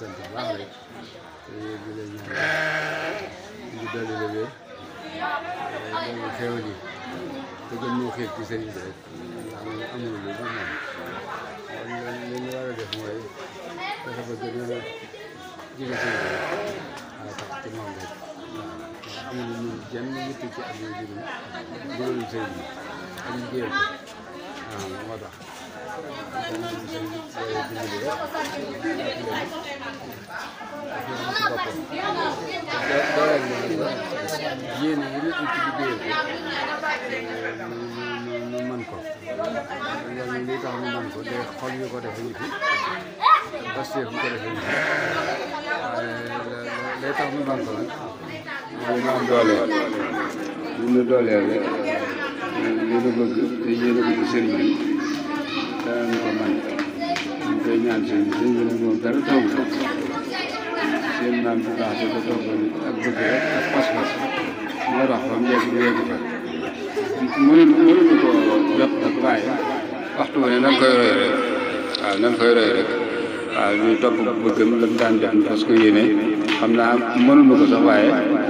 sant bu baax rek te la ñaan di la wér dolli xéewal yi te gën ñoo xiir ci sëriñ bi amul lu dul moom kon li war a def mooy fexe ba gën a jege sëriñ bi waaye tax ci moom rek ndax amul ñun jenn yitte ci àdduna yéene yi ñu am ci liggéey bi ñu mën ko loolu li tax ñu mën ko de xol yu ko defee ñu fi bastéef yu ko defee ñu fi lay tax ñu mën ko nag mooy ñu am doole ñu dooleel li ñu bëgg te yéene ko ci sëriñ bi danañ ko mën ñu koy ñaan sëñ bi sëñ bi nag moom dara taw ko seen maam bu baax di ko toppoon ak bëgg rek ak pas-pas moo tax ba mu yegg bu yegg fa mënuñu mënuñu ko jot nag waaye waxtu wu ne nan koy roy rek waaw nan koy roy rek waaw ñuy topp bëggam lam daan def parce que yéene xam naa mënuñu ko sax waaye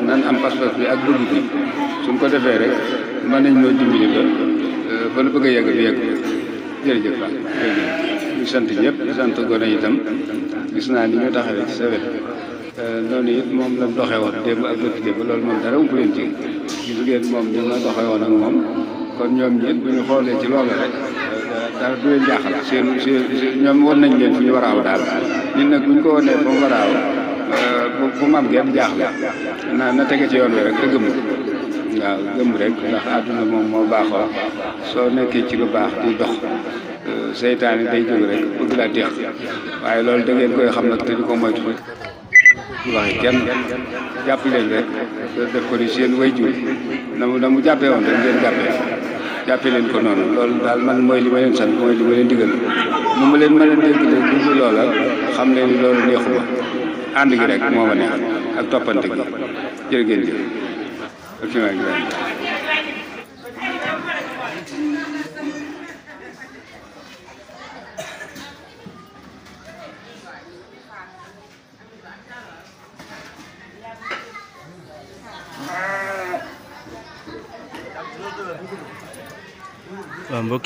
nan am pas-pas bi ak bëgg bi suñ ko defee rek mën nañ ñoo dimbali ba ba lu bëgg a yegg bi yegg jërëjëf Ba jërëjëf ñu sant ñëpp di sant gone itam gis naa ni ñu taxawee ci sa wet noonu euh, it moom la doxee woon démb ak bëgg démb loolu moom dara ump leen ci gis moom ni ma doxee woon ak moom kon ñoom ñit bu ñu xoolee ci loolu rek euh, dara du leen jaaxal seen seen ñoom wan nañ leen fu ñu war a aw daal nit nag bu ñu ko wanee fa mu war a aw euh, bu bu mam ngeen jaaxle na na tege ci yoon wi rek te gëm waaw gëm rek ndax àdduna moom moo baaxoo soo nekkee ci lu baax di dox euh, seytaane day jóg rek bëgg laa deex waaye loolu da ngeen koy xam nag te di ko moytu waxe kenn jàpp leen rek def ko way jur na mu mu jàppee woon rek jàppee jàppee leen ko noonu loolu daal man mooy li ma leen sant mooy li ma leen digal ma leen mën a dégg leen dund xam leen ni loolu neexuma ànd gi rek moo ma neex ak toppante gi jërë ngeen jëf mbok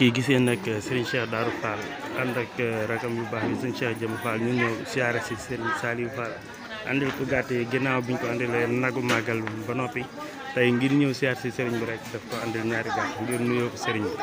yi gisee nak Serigne Cheikh daru Fall ànd ak rakam yu baax yi Serigne Cheikh Jëm Fall ñu ñëw siyaare si Serigne Saliou Fall àndil ko gàtt yi ginnaaw ko àndilee nagu magal ba noppi tey ngir ñëw siyaar si sëriñ bi rek daf ko àndal ñaari gaal ngir nuyoo ko sëriñ bi